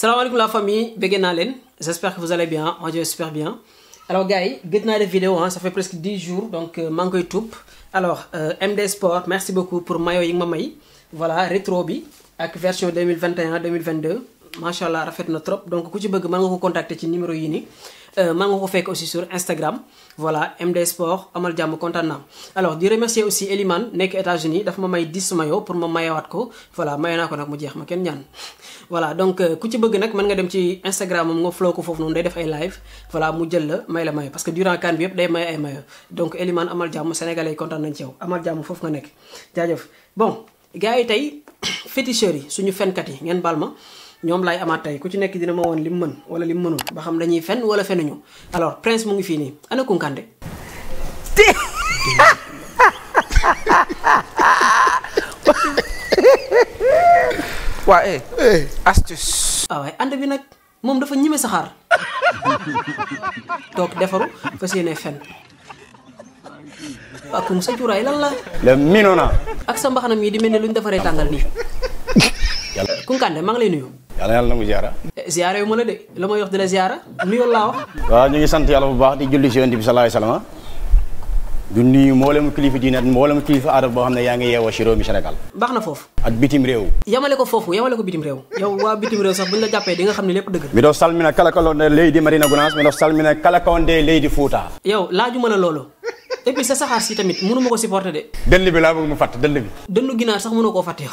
Salam alaikum la famille j'espère que vous allez bien on dirait super bien alors gars yi gëj vidéo ça fait presque 10 jours donc euh, Mango YouTube. alors euh, MD Sport merci beaucoup pour Mayo Ying voilà retrobi avec version 2021 2022 MashaAllah, allah rafet notre trop donc si vous voulez, mën contacter le numéro unique. Je euh, vous aussi sur Instagram voilà MD Sport amal alors je remercie aussi Eliman Nick États-Unis qui ma 10 maillots pour ma voilà je suis voilà donc si euh, vous bëgg je nga Instagram je nga flow ko live voilà mu jël la may parce que durant le canvier, il y a des donc Eliman amal jàmm sénégalais kontaan est content yow amal jàmm foofu nga bon gars fétichers, suñu fenkat ñoom laay amaat tey ku ci nekk dina ma woon lim mën wala lim mënul ba xam dañuy fen wala fenuñu alors prince mu ngi fii nii ana Kounkandé waa eh, eh astuce ah waay ànd bi nag moom dafa ñime saxaar toog defaru fas yéene fen ak mu sa cuuraay lan la le ak sa mbaxanam yi di mel ne luñ defaree tàngal nii kunkande de mang lay nuyu yalla yalla nangu ziarra eh, ziarra yu mala de lama wax yox ziarra nuyu la wax wa ñu ngi sante yalla bu baax di julli ci yonent bi sallallahu alayhi wasallam du nuyu mboolem kilifa diine mboolem kilifa arab bo xamne ya nga yewo ci rewmi senegal baxna fofu baax ak bitim rew yamale ko fofu yamale ko bitim rew yow wa bitim rew sax buñ la jappé di nga xam ne deug mi do salmina kala kalonde leydi marina gunas mi do salmina kala kalonde lady fouta yow la ju meuna lolo et puis sa saxaar si tamit mënu ma ko supporter de dënd bi laa bëgg mu fàtt dënd bi ginaar sax mënu koo fàtte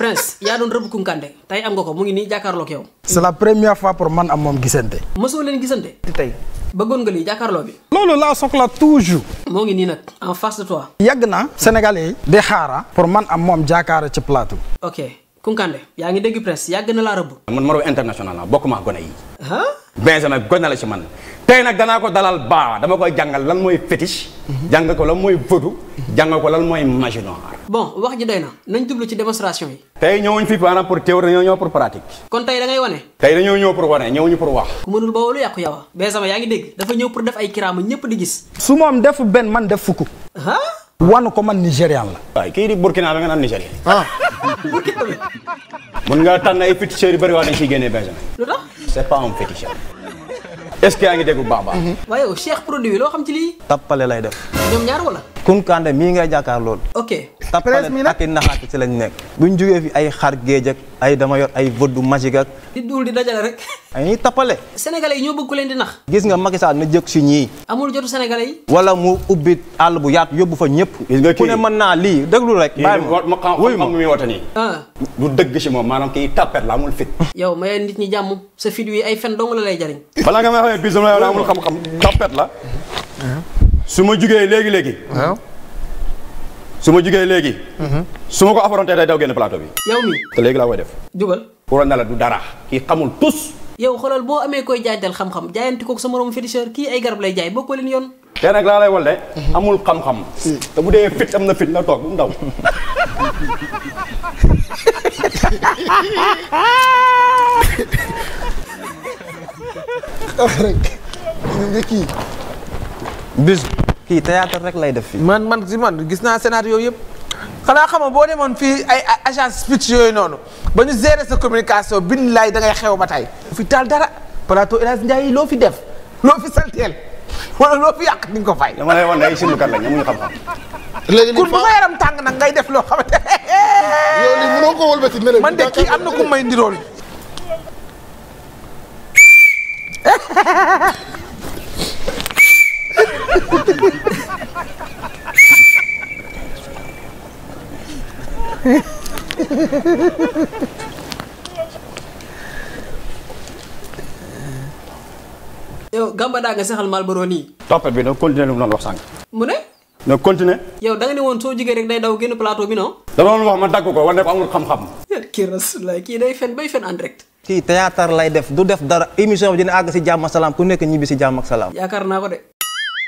prince yaa doon rëbb kande tay am nga ko mu ngi nii jàkkaarloog yow. c'est la première fois pour man am moom gisante. mosoo leen gisante. tey. bëggoon nga lii jàkkaarloo bi. loolu la soxla toujours. moo ngi nii nag en face de toi. yàgg na sénégalais yi. di xaara pour man am moom jàkkaara ci plateau. ok kande ya ngi dégg prince yàgg na laa rëbb. man international la bokuma gona gone yi. ah. Benjamin gona la ci man. tey nak dana ko dalal ba dama koy jangal lan mooy fétiche. Mhm. jàng ko lan mooy vodou. Mhm. jàng ko lan mooy magie bon wax ji doyna nañ dublu ci démonstration yi tay ñewuñ fi param pour théorie ñoo ñoo pour pratique kon tay da ngay wone tay dañoo ñëw pour wone ñewuñu pour wax ku mënul ba wolu yàqu yawa be sama yaangi dégg dafa ñew pour def ay kiraama ñepp di gis su mom def ben man def fuku ha wan ko man nigérian la ay kay di burkina nga nan nigérian ha burkina bi nga tan ay petit yu bari waa dañ ciy génnee benn lutax c'est pas un féticheur est ce que yaa ngi dégg baax baax waaye cheikh produit loo xam ci lii tappale lay def ñoom ñaar wala Kounkandé mii ngay jàkkaar loolu ok tappalet ak i naxaate ci lañ nekk buñ jógee fi ay xar géej ak ay dama yor ay vëddu magique ak di duul di dajale rek ay ñuy tappale sénégalais yi ñoo leen di nax gis nga Macky Sall na jëkk si ñii amul jotu sénégalais yi wala mu ubbi àll bu yaatu yóbbu fa ñëpp ku ne mën naa lii déglu rek bàyyi ma wuy ma muy wata nii ah. du dëgg si moom maanaam kii tappet la amul fit yow may nit ñi jàmm sa fit wi ay fen dong la lay jariñ balaa nga may xam ne bisom la amul xam-xam tappet la ah. suma juga jugee legi suma juga su ma jugee mhm. ko affronté day daw génn plateau bi. yow mi te léegi la koy def. jubal. pour na la du dara. ki xamul tus. yow xolal bo amé koy jaajal xam-xam jaayanti ko sama moromu féticheur ki ay garab lay jaay bokkoo yon yoon. te nag lay wal mhm. amul xam-xam. te fit amna fit na toog bu ah rek ñu ngi bis kii théâtre rek lay def fii. man man si man gis naa scénario yëpp xanaa xam nga boo demoon fii ay agence speech yooyu noonu ba ñu gérer sa communication billaay da dangay xew ba tey. fi taal dara plateau El Hadj Ndiaye loo fi def loo fi salteel wala loo fi yàq di nga ko fay. dama lay wan ay simbikat lañ amuñu xam-xam. léegi ku ma yaram tàng nag ngay def loo xamante ne. yow lii man de kii am na ku may ndirool. yow gamba da nga saxal malboro ni topet bi no continue lu non wax sang mune no continue. yow da nga ni won so jige rek day daw genn plateau bi no da non wax ma dag ko wane ko amul xam xam ki rasulullah ki day fen bay fen en direct ki théâtre lay def du def dara émission bi dina ag ci jamm salam ku nek ñibi ci jamm ak salam yaakar ko de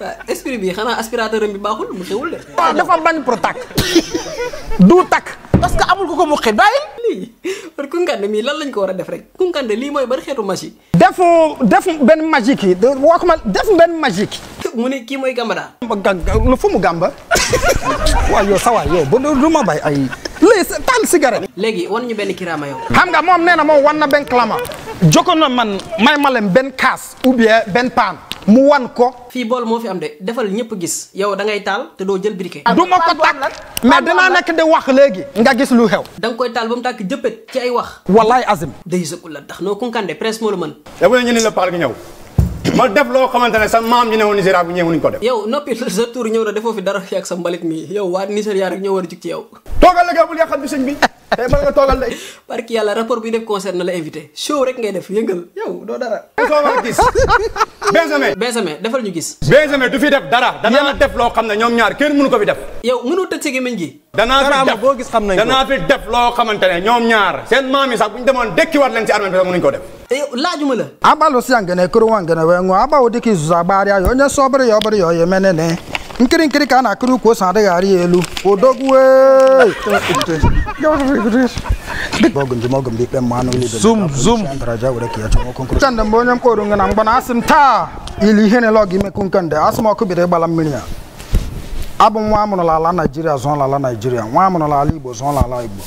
waaw esprit bi xanaa aspirateur bi baaxul mu xewul de. dafa bañ pro tàkk du tàkk parce que amul ku ko muqi bàyyi. lii kon mii lan lañ ko war a def rek kunkande lii mooy bari xeetu magie. def def benn magique yi de waxuma def benn magique. mu ne kii mooy gamba daal. lu fu mu gamba waaw yow sawaay yow ba du ma bay ay. léegi taal cigarette. léegi wan ñu benn kiraama yow. xam nga moom nee na moom wan na benn clama. jokkoon na man may ma leen benn kaas ou bien benn paan. mu wan ko. fii bool moo fi am de defal ñëpp gis yow da taal te doo jël briquet. du ko tàkk mais dinaa nekk di wax léegi. nga gis lu xew. da nga koy taal ba mu tàkk jëppët ci ay wax. wallaay azim. day sëkkul la tax noo kunkande presque moo la mën. yow ñu ne la paal gi ñëw. ma def loo xamante ne sa ne woon Nigéria bu ñëwuñu ko def. yow noppi sa tur ñëw na defoo fi dara fi ak sa mbalit mi yow waa Nigéria rek ñoo war a jug ci yow. toogal tey eh, mën nga toogal de. parce que yàlla rapport bi def concert na la invité show rek ngay def yëngal. yow doo dara. soo war a gis. defal ñu gis. Benjamin du fi def dara. danaa def loo xam ne ñoom ñaar kenn mënu ko fi def. yow mënul tëj sa gi. danaa fi fi def loo xamante ne ñoom ñaar. seen maam yi sax bu ñu demoon dekkiwaat leen ci armée bi sax mënuñu ko def. Eh, laajuma la. abalo siyangene kuruwangene wengo abawo diki zuza baari ayo ne sobri yobri yo nkirikiri ka a na-akụrụ ukwu ose adịghị arị ya elu odogwudịkpe mmanụ mgbe onye mkpọrụ nga na mgbana asị m taa ili ihe na-ele ọgụ imekwu nke nde asị m ọkụ bidoro ịgbala mmiri ya, ya. abụ m nwa amụrụla ala naijiria zụọ wa naijiria nwa amụrụla ala igbo zụọ ala igbo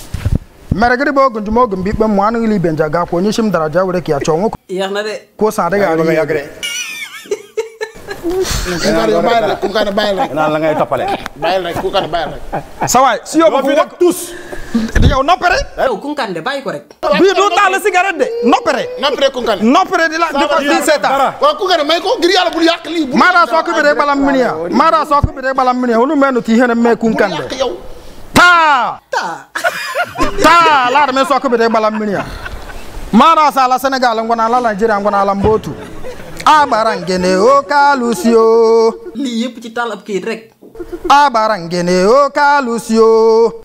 mere gịnị bụ oge njem oge mgbe ikpe mmanụ ile ibe nje gakwa onye isi m daraja were ka ya chọọ de ko sa adịghị ga ya ku kan bayal rek naan la ngay toppale bayal rek ku kan bayal rek sa waay si yow bu rek tous yow noppere yow ku de bàyyi ko rek bii di la di ko di seeta waaw ku kan may ko ngir mara soo ko bi mara soo ko bi rek balam miniya wonu menu ti ta ta ta la da me soo mara sala senegal ngona la Nigeria, jira ngona la mbotu abarangene o kalusio lii yëpp ci taal ab kayit rek abarangene o kalusio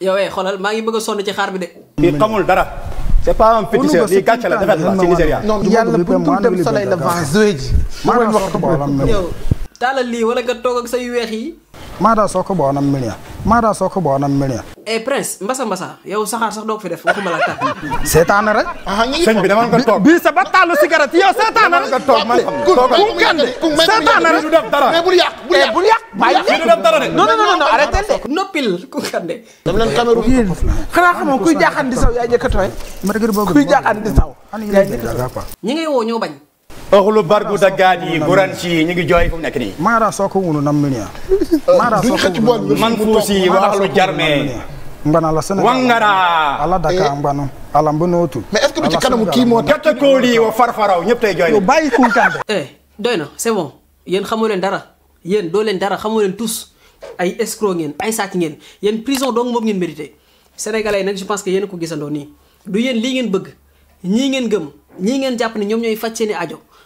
yow ya, eh xolal ma ngi bëgg son ci xaar bi de kii xamul dara c'est pas un féticheur lii gàcce la defet la ci Nigeria yàlla bu ñu dem soleil levant zoé ji ma ngi wax ko talal li wala ga tok ak say wex yi mmadụ soko bo gbaa na mmiri soko bo asọ ọkụ gbaa Eh prince mbasa mbasa yow ya saxaar sax dok fi def waxuma la ta setan rek señ bi dama nga tok bi sa ba cigarette yow iya, setan rek nga tok ma xam ku kande seetaan rek du def dara mais bul yak bul yak bul yak bay ni du def dara rek non non non non arrêtez de noppil ku kande dam leen caméra xana xamoo kuy jaxandi saw yaa ma jëkk tooy kuy jaaxaan di saw ñi ngay wo ñoo bañ oxlu bargu daggaat yi buran ci ñu ngi jooy fu mu nekk nii maara soko wunu nam miniya maara soko wunu man fuusi wa ahlu jarme ngana la Sénégal wangara ala daka ngano eh. ala mbonotu mais est-ce que du ci kanamu kii moo katakooli wa farfaraw ñëpp tey jooy bàyyi kunkande eh doy na c'est bon yéen xamoo leen dara yéen doo leen dara xamoo leen tous ay escroc ngeen ay sàcc ngeen yéen prison dong moom ngeen mérité sénégalais yi nag je pense que yéen a ko gisandoo nii du yéen lii ngeen bëgg ñii ngeen gëm ñii ngeen jàpp ne ñoom ñooy faj seeni ajo